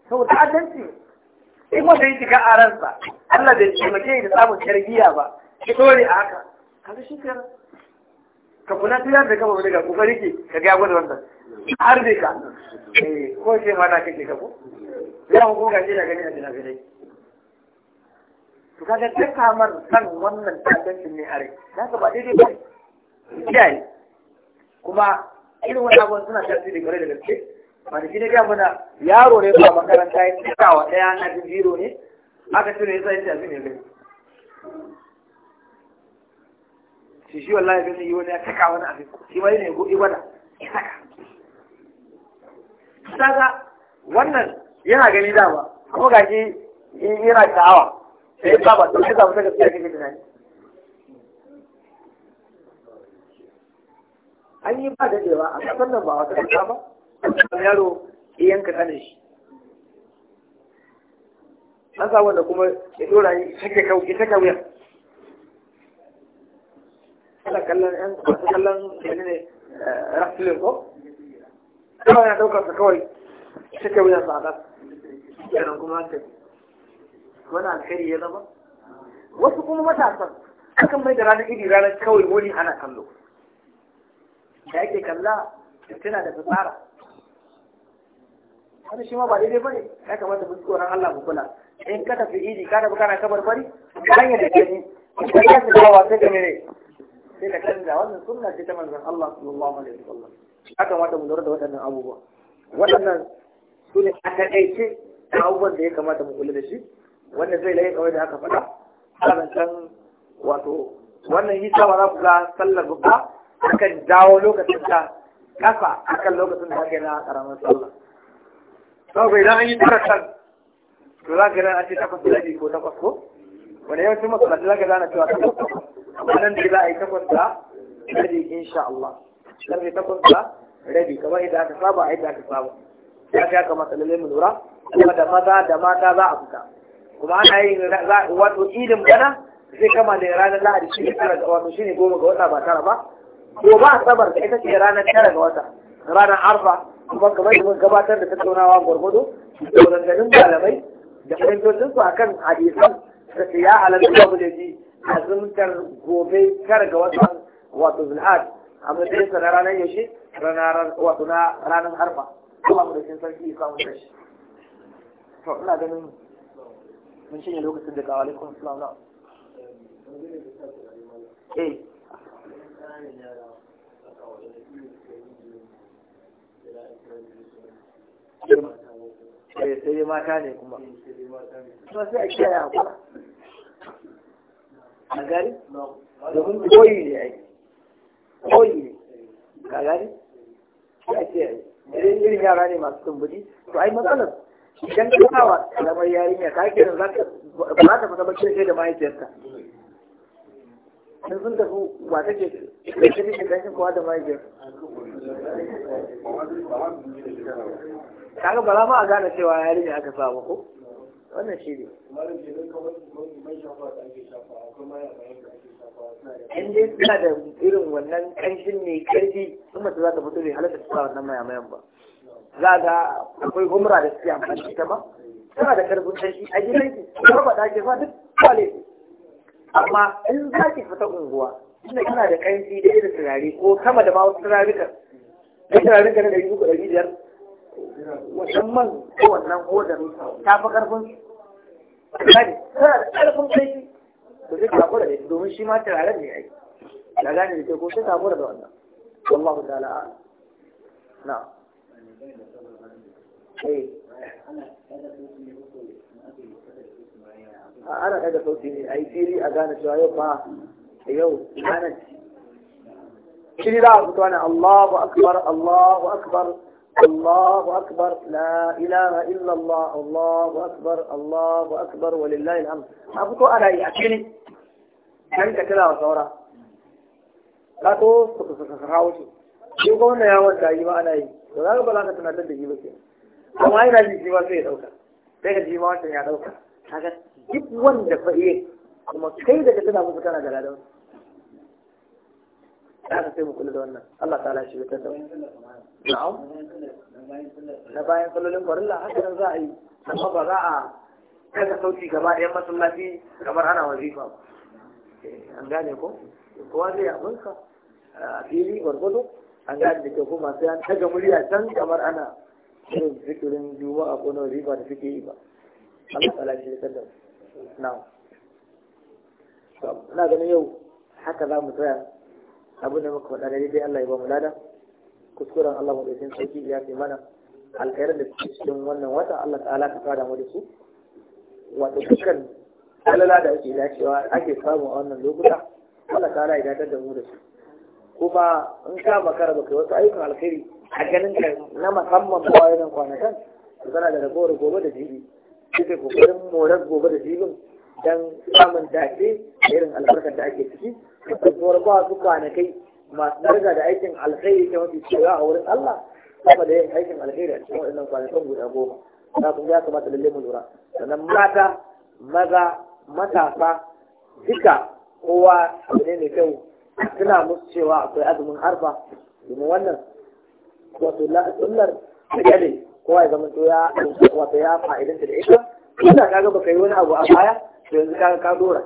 da adalci in wanda yi shiga a ransa Allah bai taimake da samun tarbiyya ba ki tori a haka kaga shi ka ka kula ta yadda kama wani ga kokari ke ka ga gwada wannan har bai ka eh, ko ce ma na kake ka ko ya mu ga shi da gani a dina dai. to kaga ta kamar san wannan tabbacin ne a rai ka ba daidai ba kiyaye. kuma irin wani abubuwan suna tasiri gare da gaske Wani shi ne ga muna yaro ne ba makaranta ya cika wa ɗaya na biro ne aka cire ya sai tafi ne bai shi shi wallahi bin yi wani ya cika wani abin shi wani ne gobe wada ya saka wannan yana gani dama kuma ga shi yana sha'awa sai ya saba to shi zama ta gaskiya kake ne. an yi ba dadewa a kasar nan ba wata kasa ba yaro ya yanka kanin shi an sa wanda kuma ya dora yi take kauki ta kauya ana kallon yan masu kallon ne ne rasulun ko kuma yana daukar sa kawai ta kauya sa da yaran kuma an tafi wani alkhairi ya zama wasu kuma matasan akan mai da ranar iri ranar kawai wani ana kallo da yake kalla tana da fitsara wani shi ma ba daidai bane ya kamata mu tsoron Allah mu kula in ka tafi idi ka tafi kana kabar bari hanyar da ke ni ka tafi dawa sai ka mere sai ka canza wannan sunna ce ta manzon Allah sallallahu alaihi wasallam ya kamata mu lura da waɗannan abubuwa waɗannan su ne a taƙaice da abubuwan da ya kamata mu kula da shi wanda zai laye kawai da aka faɗa can wato wannan yi sama za ku ga sallar babba akan dawo lokacin ta kasa akan lokacin da ake yi na ƙaramin sallah saboda idan an yi tara kan to za ka gana a ce takwas da rabi ko takwas ko wanda yawancin masalatu za na gana cewa takwas amma nan da za a yi takwas da rabi insha Allah karfe takwas da rabi kamar idan aka saba a yadda aka saba ya ga kamar lallai mu lura kuma da maza da mata za a fita kuma ana yin wato idin bana zai kama da ranar lahadi shi ne tara ga wato shi ne goma ga wata ba tara ba ko ba a asabar da ita ce ranar tara ga wata ranar arfa kuma kamar da mun gabatar da tattaunawa gwargwado da maganganun malamai da fahimtocin su akan hadisan da ya halatta mu da ji azumtar gobe tara ga wasu wato zulhad a matsayin sa na ranar yaushe wato na ranar harfa kuma mu da shi sarki ya samu da shi to ina ganin mun lokacin da alaikum salam na eh Eh, sai sai mata ne kuma to sai a kiyaye hakuri a gari domin koyi ne ai koyi ne ka gari sai a kiyaye idan irin yara ne masu tumbudi to ai matsalar idan ka kawo karamar yarinya ka kiran za ka ba ta fata bakin sai da mahaifiyarka in sun tafi ba ta ke ƙarfi da ƙarfin kowa da mahaifiyar kaga ba za ma a gane cewa yarinya aka sa ko wannan shi ne in dai suna da irin wannan ƙanshin mai ƙarfi in mace za ta fito bai halatta ta sa wannan mayamayan ba za ga akwai humra da suke amfani ita ba tana da karfin ƙarfi a gidan ki ba ta ke ba duk kwale amma in za ki fita unguwa inda kana da ƙarfi da irin turare ko kama da ma wasu turarukan da turarukan na ɗari uku ɗari biyar wannan man ko wannan hodar ta fi ƙarfin gani tana da ƙarfin kaifi to sai kafa da ne, domin shi ma turaren ne aiki. da gane da ke ko sai kafa da wannan wallahu ta'ala na eh أنا هذا صوتي أي سيري أغانا شو أيو با أيو أنا كذي لا أنا الله أكبر الله أكبر الله أكبر لا إله إلا الله الله أكبر الله أكبر ولله الحمد أبوك أنا يعني كذا كذا صورة لا توس توس توس خاوش يقول نيا وانت أيوة أنا أي ولا قبل أنا تنادي بيجي بس ما يناديك بس يدوك تيجي بس يدوك هذا duk wanda fa yi kuma kai daga tana musu tana da ladan Ya ka sai mu kula da wannan Allah ta'ala shi ta da na'am na bayan sallolin farilla haka nan za a yi amma ba za a kaga sauti gaba ɗayan masallaci kamar ana wazifa ba eh, an gane ko kowa zai abinka a fili gwargwado an gane da kyau kuma sai an taga murya can kamar ana irin zikirin juma'a ko na wazifa da suke yi ba Allah ta'ala shi ta da na'am na ganin yau haka za mu tsaya abu da muka faɗa daidai Allah ya ba mu lada kuskuren Allah mai ɗaukin sauki ya fi mana alkhairar da suke cikin wannan wata Allah ta'ala ta fara mu da su wato dukkan alala da ake dacewa ake samu a wannan lokuta Allah ta'ala ya dadar da mu da su kuma in ka makara da kai wasu ayyukan alkhairi a ganin ka na musamman ba wayan kwanakan kana da ragowar gobe da jibi suke kokarin morar gobe da filin don samun dace a irin albarkar da ake ciki kasantuwar ba su kwanakai masu daraja da aikin alkhairi ta mafi cewa a wurin Allah kuma da yin aikin alkhairi a cikin waɗannan kwanakan guda goma Na kuma ya kamata lalle mu lura sannan mata maza matasa duka kowa abu ne mai kyau suna tuna musu cewa akwai azumin harfa domin wannan wato la'asullar da kowa ya zama ya wato ya fa'idanta da ita ina kaga baka yi wani abu a baya to yanzu kaga ka dora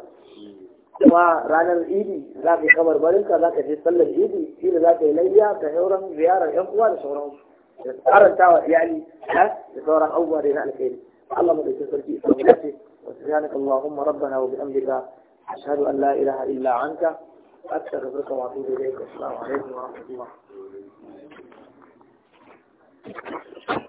kuma ranar idi za ka yi kamar barinka za ka je sallar idi shi za ka yi layya ka sauran ziyarar yan uwa da sauransu da karanta wa iyali da sauran abubuwa da na alkhairi Allah mu dauki sarki islamu dace wa subhanaka allahumma rabbana wa bihamdika ashhadu an la ilaha illa anta astaghfiruka wa atubu ilayk assalamu alaikum wa rahmatullah